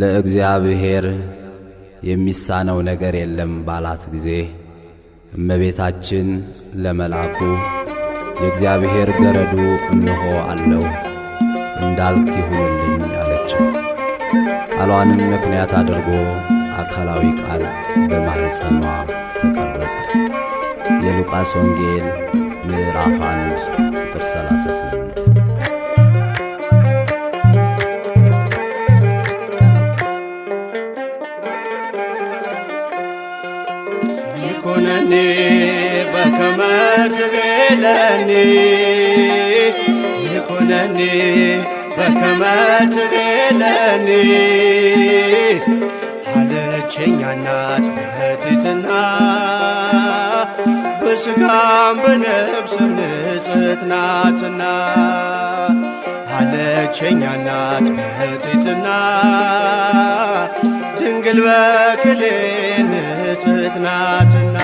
ለእግዚአብሔር የሚሳነው ነገር የለም ባላት ጊዜ እመቤታችን ለመልአኩ የእግዚአብሔር ገረዱ እንሆ አለው እንዳልክ ይሁንልኝ አለችው። ቃሏንም ምክንያት አድርጎ አካላዊ ቃል በማኅፀኗ ተቀረጸ። የሉቃስ ወንጌል ምዕራፍ 1 ቁጥር 38 ትቤለኒ ይኩነኒ በከመ ትቤለኒ አለችኛ እናት በትሕትና በሥጋም በነብስም ንጽሕት ናትና አለችኛ እናት በትሕትና ድንግል በክሌ ንጽሕት ናትና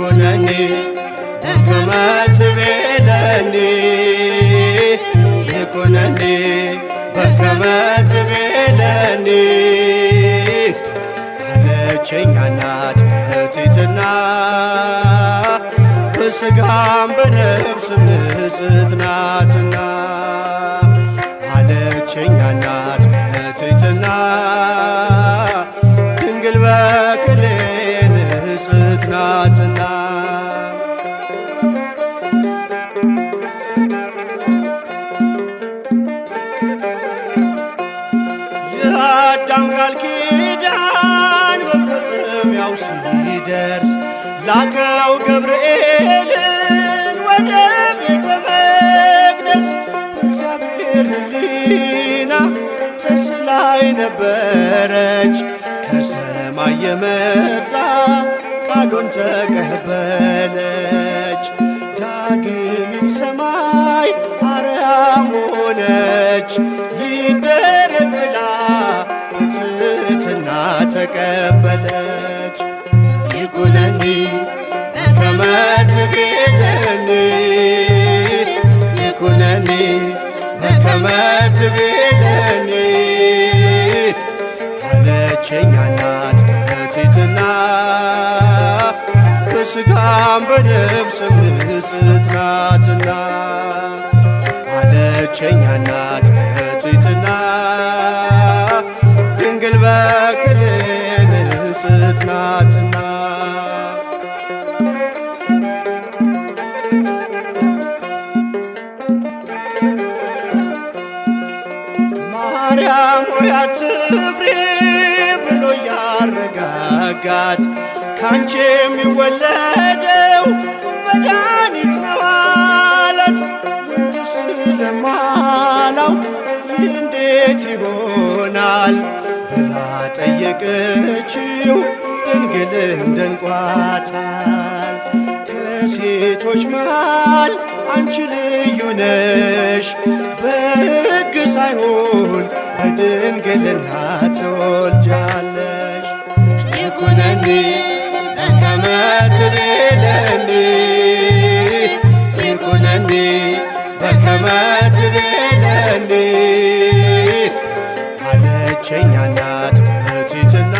ኩነኒ ደከመ ትቤለኒ ይኩነኒ በከመ ትቤለኒ አለችኝ እናት በትሕትና በሥጋም በነፍስም ንጽሕት ናትና አለችኝ የወዳን ቃል ኪዳን መፈጸም ያው ሲደርስ ላከው ገብርኤልን ወደ ቤተ መቅደስ እግዚአብሔር ሕሊና ተስላይ ነበረች ከሰማይ የመጣ ቃሉን ተቀበለች ዳግሚት ሰማይ አርያም ሆነች ይደ ተቀበለች። ይኩነኒ ከመ ትቤለኒ ይኩነኒ ከመ ትቤለኒ አለችኝ እናት በትሕትና በሥጋም በነፍስም ንጽሕት ናትና አለችኝ እናት የወለደው መድኃኒት ነው አለት እንጂ ስለማላውቅ እንዴት ይሆናል ብላ ጠየቀችው። ድንግልም ደንቋታል። ከሴቶች መሃል አንቺ ልዩ ነሽ በሕግ ሳይሆን በድንግልና ተወልጃለሽ ይሁነኒ በትቤለኒ ይኩነኒ በከመ ትቤለኒ አለችኝ በቲትና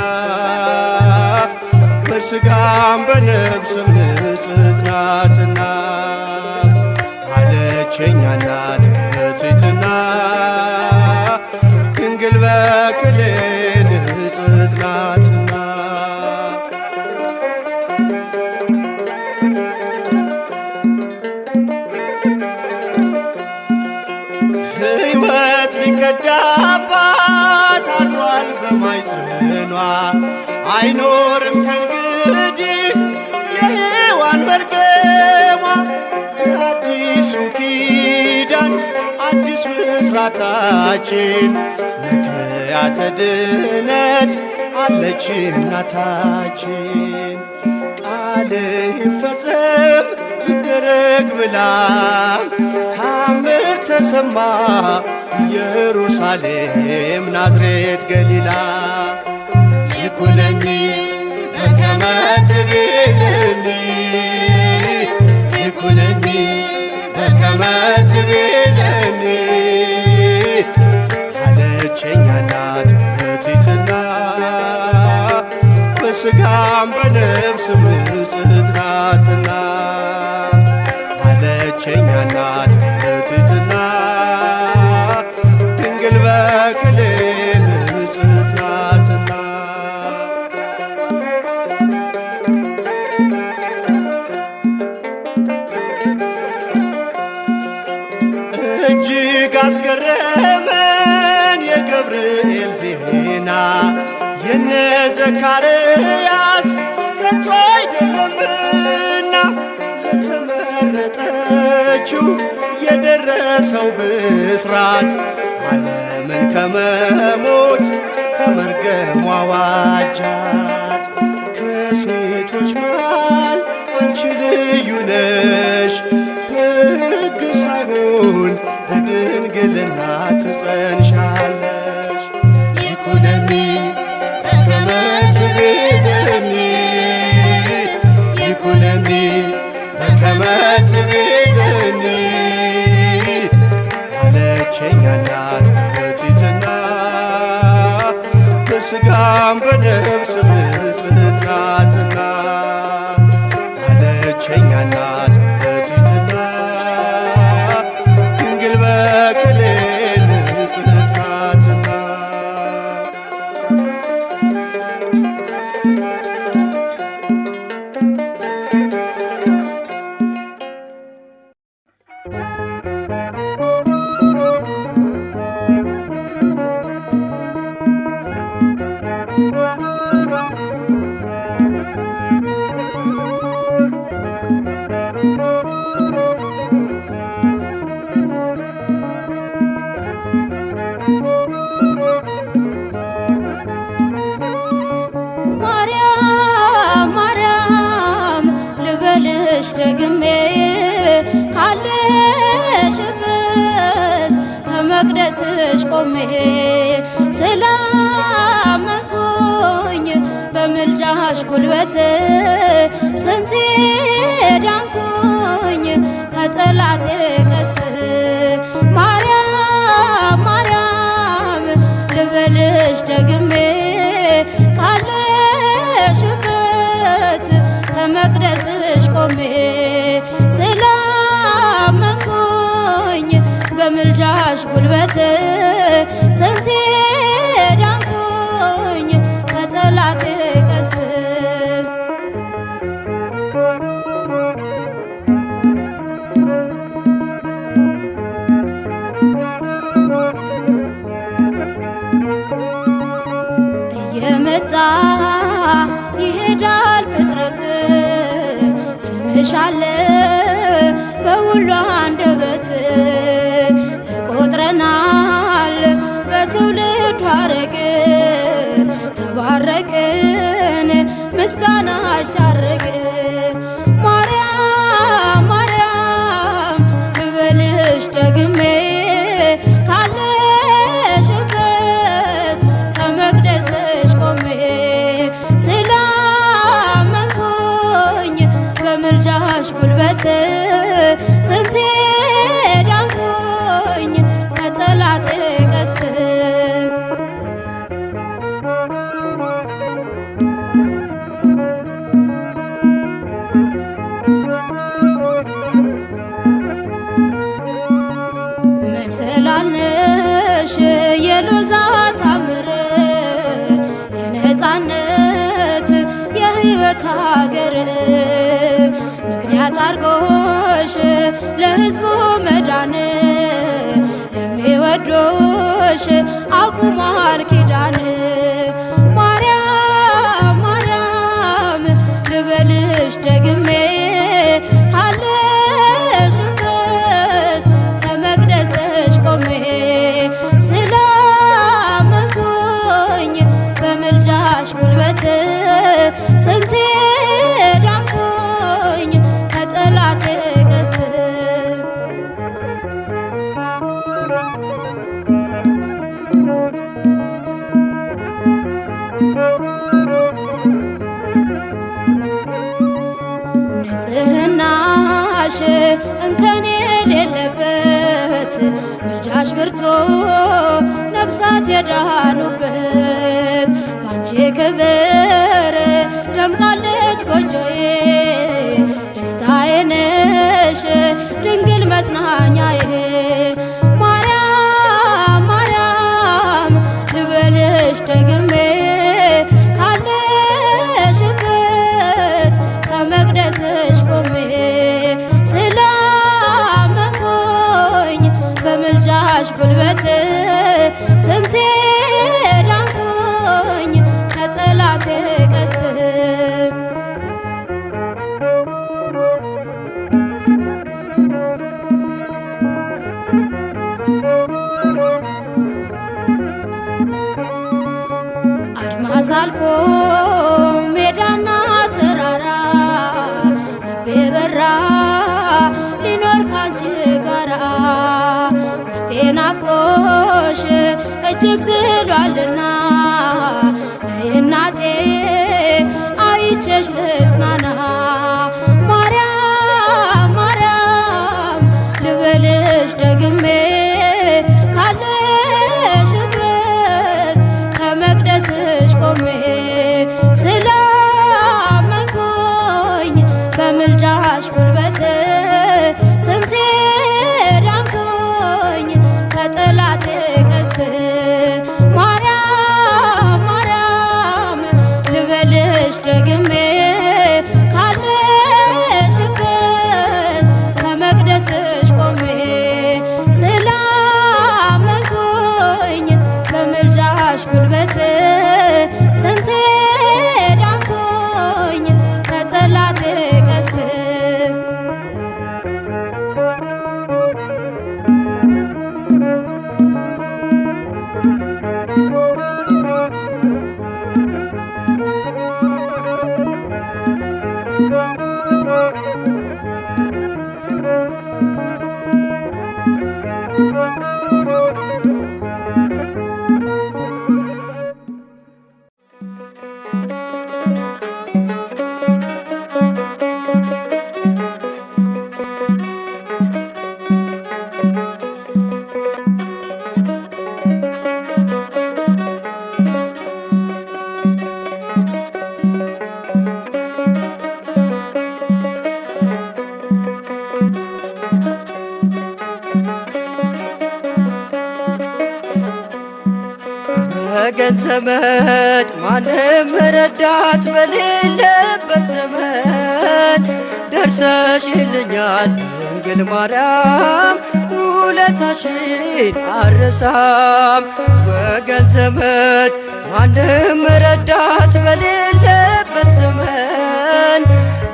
በሥጋም በነፍስም ንጽሕት ናትና አለችኝ እናት በኗ አይኖርም ከእንግዲህ የሔዋን መርገሟ አዲሱ ኪዳን አዲስ ምስራታችን ምክንያተ ድነት አለች እናታችን ቃል ይፈጸም ይደረግ ብላ ታምር ተሰማ ኢየሩሳሌም ናዝሬት ገሊላ ይኩነኒ በከመ ትቤልኒ ይኩነኒ በከመ ትቤልኒ አለችኝ እናት በትሕትና በሥጋም በነፍስም ምጽዕት ናትና አለችኝ ዘካርያስ ከቶ አይደለምና ለተመረጠችው የደረሰው ብስራት ዓለምን ከመሞት ከመርገሟ ዋጃት ከሴቶች መሃል አንቺ ልዩ ነሽ በስጋም በደም ከጠላቴ ቀስት ማርያም ማርያም ልበልሽ ደግሜ ካለሽበት ከመቅደስሽ ቆሜ ስላመንኩኝ በምልጃሽ ጉልበት ስንቴ አለ በሁሉ አንደበት ተቆጥረናል በትውልድ ሐረግ ተባረቅን ምስጋናሽ ሲያርግ tell ወዶሽ አቁሟል ብርቱ ነብሳት የዳኑበት ባንቺ ክብር እጅግ ዝሏልና በሌለበት ዘመን ደርሰሽልኛል ድንግል ማርያም ውለታሽን አረሳም። ወገን ዘመድ ማንም ረዳት በሌለበት ዘመን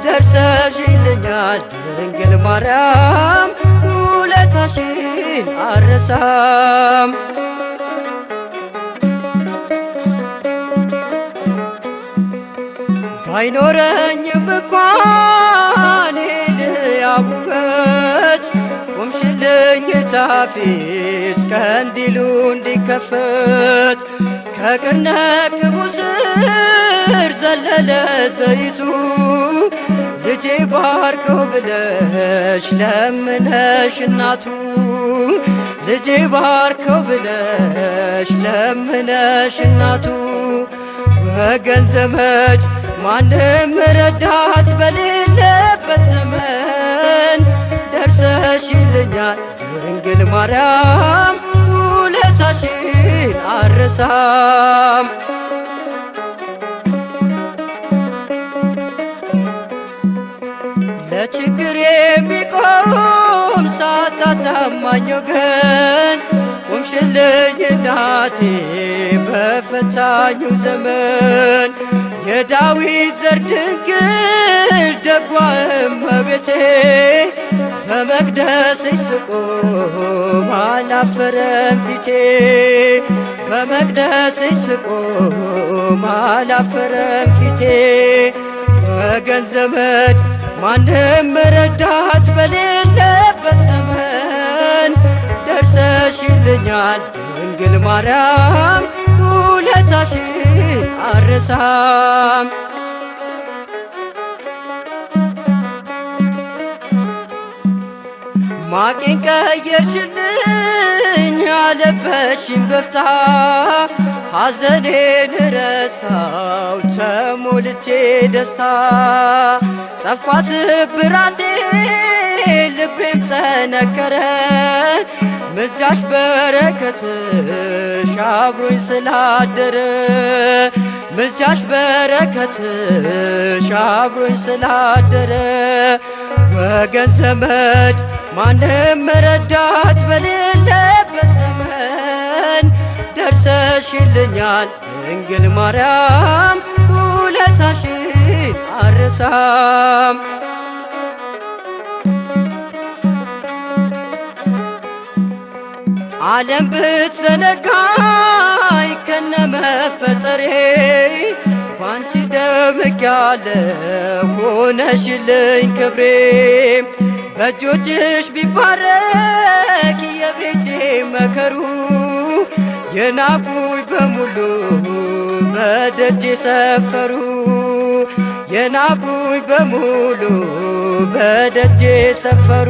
ደርሰሽልኛል ድንግል ማርያም ውለታሽን አረሳም። ባይኖረኝም እንኳን ያቡበት ቁምሽልኝ ታፊ እስከ እንዲከፈት ከቅርነ ቅቡ ስር ዘለለ ዘይቱ ልጄ ባርከው ብለሽ ለምነሽ እናቱ ልጄ ባርከው ብለሽ ለምነሽ እናቱ ወገን ዘመድ ማንም ረዳት በሌለበት ዘመን ደርሰሽልኛል ድንግል ማርያም ውለታሽን አረሳም። ለችግር የሚቆም ሳታታማኝ ወገን ቁምሽልኝ እናቴ በፈታኙ ዘመን የዳዊት ዘር ድንግል ደጓ እመቤቴ በመቅደስ ይስቁ ማላፈረም ፊቴ በመቅደስ ይስቁ ማላፈረም ፊቴ ወገን ዘመድ ማንም ረዳት በሌለበት ዘመን ደርሰሽልኛል ድንግል ማርያም ውለታሽ አረሳም ማቄን ቀየርችልኝ አለበሽኝ በፍታ ሐዘኔን ረሳው ተሞልቼ ደስታ ጠፋ ስብራቴ ልቤም ጠነከረ ምልጃሽ በረከትሽ አብሮኝ ስላደረ ምልጃሽ በረከትሽ አብሮኝ ስላደረ ወገን ዘመድ ማንም መረዳት በሌለበት ዘመን ደርሰሽልኛል ድንግል ማርያም ውለታሽን አረሳም ዓለም ብትዘነጋኝ ከነ መፈጠሬ ባንቺ ደምቅ ያለ ሆነሽልኝ ክብሬ በእጆችሽ ቢባረክ የቤቴ መከሩ የናቁኝ በሙሉ በደጅ ሰፈሩ የናቁኝ በሙሉ በደጅ ሰፈሩ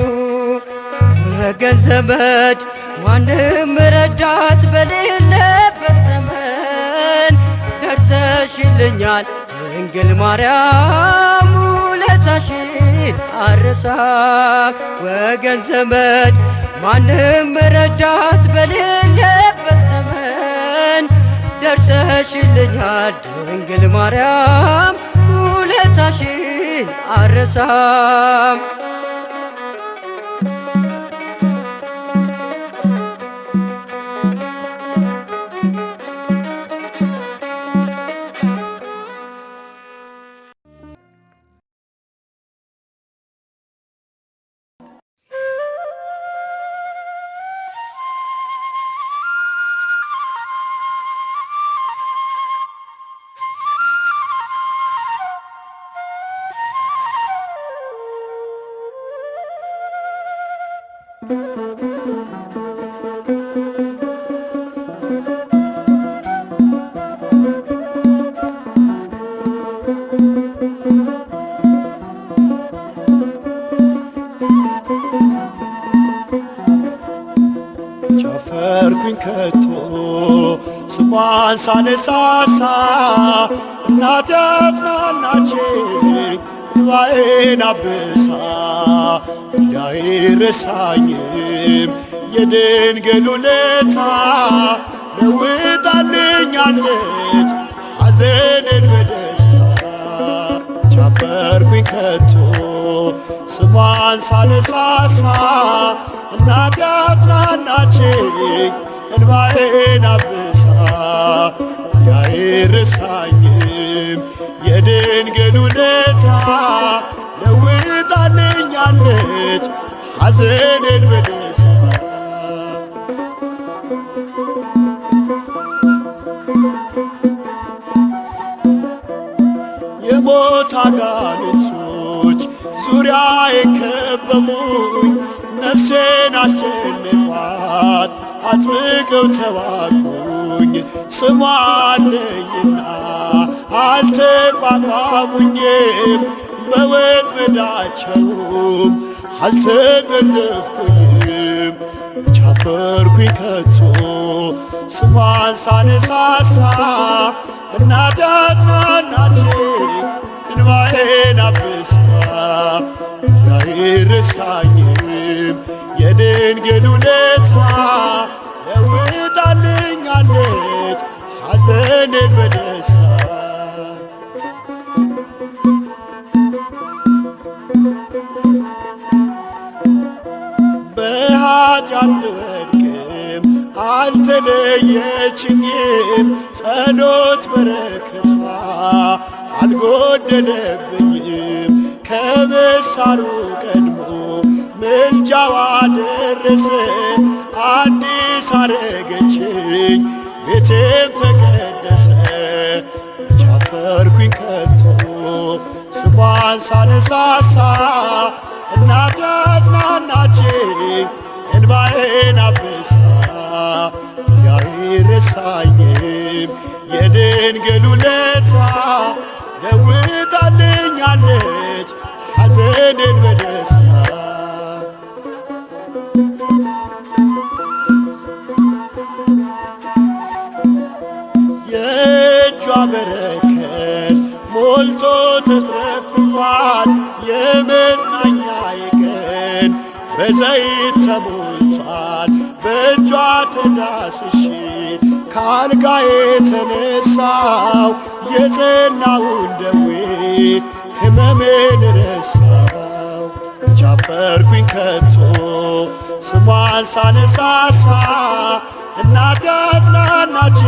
በገንዘመድ ማንም ረዳት በሌለበት ዘመን ደርሰሽልኛል ድንግል ማርያም ውለታሽን አረሳም። ወገን ዘመድ ማንም ረዳት በሌለበት ዘመን ደርሰሽልኛል ድንግል ማርያም ውለታሽን አረሳም። ቸፈርኩኝ ከቶ ስሟን ሳነሳሳ እናቴ አጽናናችኝ እንባዬን አብሳ እንዳይረሳኝም የድንግል ውለታ ለውጣልኛለች ሐዘኔን በደስታ ቻፈርኩኝ ከቶ ስሟን ሳነሳሳ እናት ያጽናናችኝ እንባዬን ሞላች ሐዘኔን በደስታ የሞት አጋንንቶች ዙሪያ የከበቡኝ ነፍሴን አስጨንቋት አጥብቀው ተዋጉኝ ስሟ አለኝና አልተቋቋሙኝም በወጥመዳቸውም አልተገደፍኩኝም ቻፈርኩኝ ከቶ ስሟን ሳነሳሳ እናት አጽናናች እንባዬን አብ አልወድቅም፣ አልተለየችኝም። ጸሎት በረከቷ አልጎደለብኝም። ከመሳሩ ቀድሞ ምልጃዋ ደረሰ። አዲስ አረገችኝ፣ ቤቴም ተቀደሰ። ቻፈርኩኝ ከቶ ስሟን ሳነሳሳ እናት አጽናናችኝ። እንባዬን አብሳ እንዳይረሳኝም የድንግል ውለታ ለውጣልኛለች ሐዘኔን በደስታ የእጇ በረከት ሞልቶ ተትረፍርፏል የመጽናኛዬ ቀን በዘይት በእጇ ተዳስሼ ከአልጋ የተነሳው የጸናውን ደዌ ህመሜን ረሳው። ጃፈርኩኝ ከቶ ስሟን ሳነሳሳ እናት ያጽናናች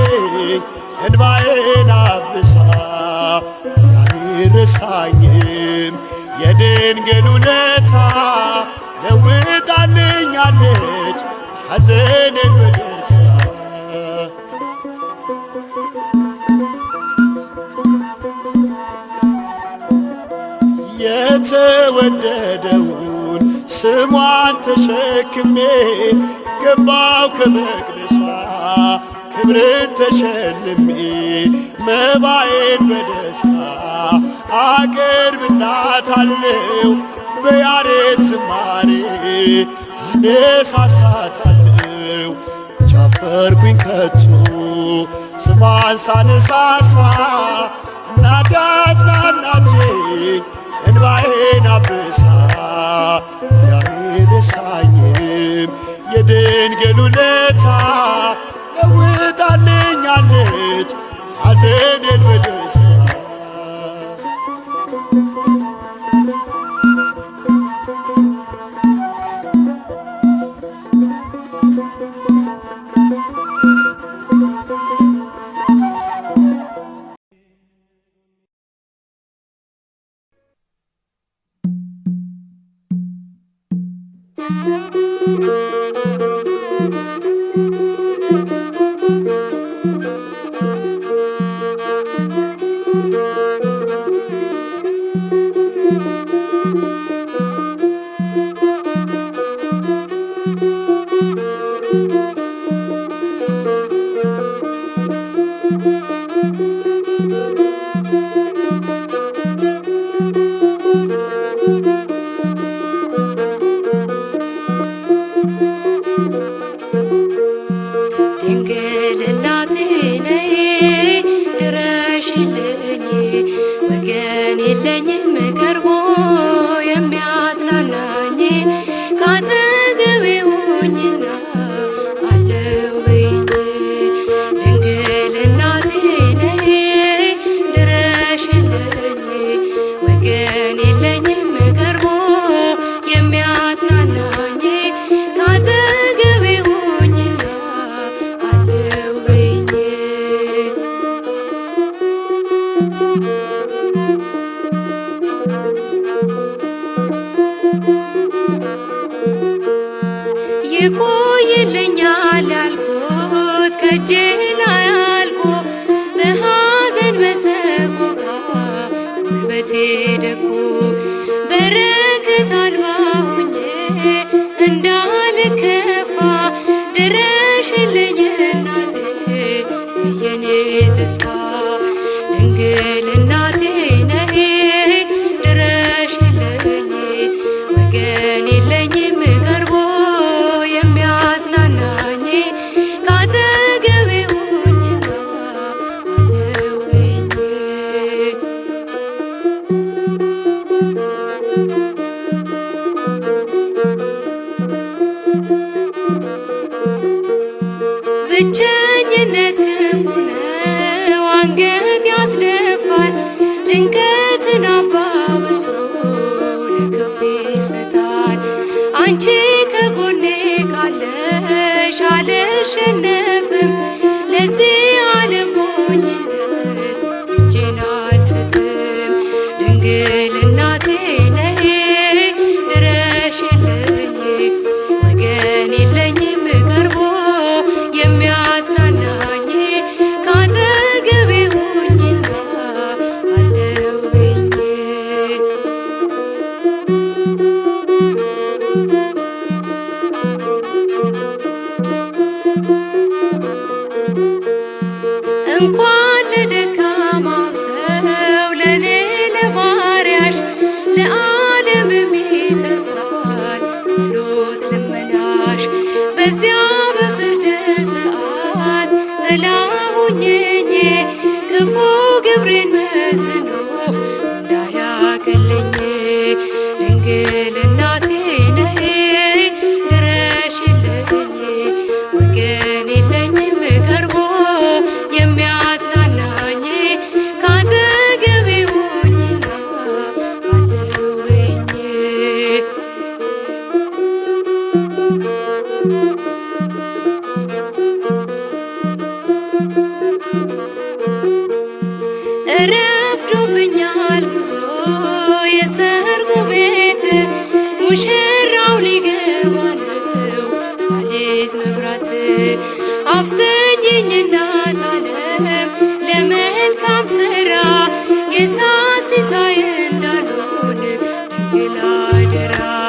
እንባዬን አብሳ አይረሳኝም የድንግል ውለታ ለውጣልኛለች ሐዘንን በደስታ የተወደደውን ስሟን ተሸክሜ ገባው ከመቅደሷ ክብርን ተሸልሜ መባዬን በደስታ አቀርብላታለሁ በያሬድ ዝማሬ አነሳሳ አልነበርኩኝ ከቶ ስሟን ሳነሳሳ እናቴ አጽናናችኝ እንባዬን አብሳ የድንግል ውለታ ለውጣልኛለች በደ thank you ይቆይልኛል ያልኩት ከእጄ ላይ አልቆ በሐዘን በሰቆቃ ጉልበቴ ደቆ በረ ዳኝነት ክፉ ነው፣ አንገት ያስደፋል። ጭንቀትን አባብሶ ለክፍ ይሰጣል። አንቺ ከጎኔ ካለሽ አልሸነፍ አፍትኝኝ እናት ዓለም ለመልካም ሥራ የሳሲሳይ እንዳልሆን ድንግል አደራ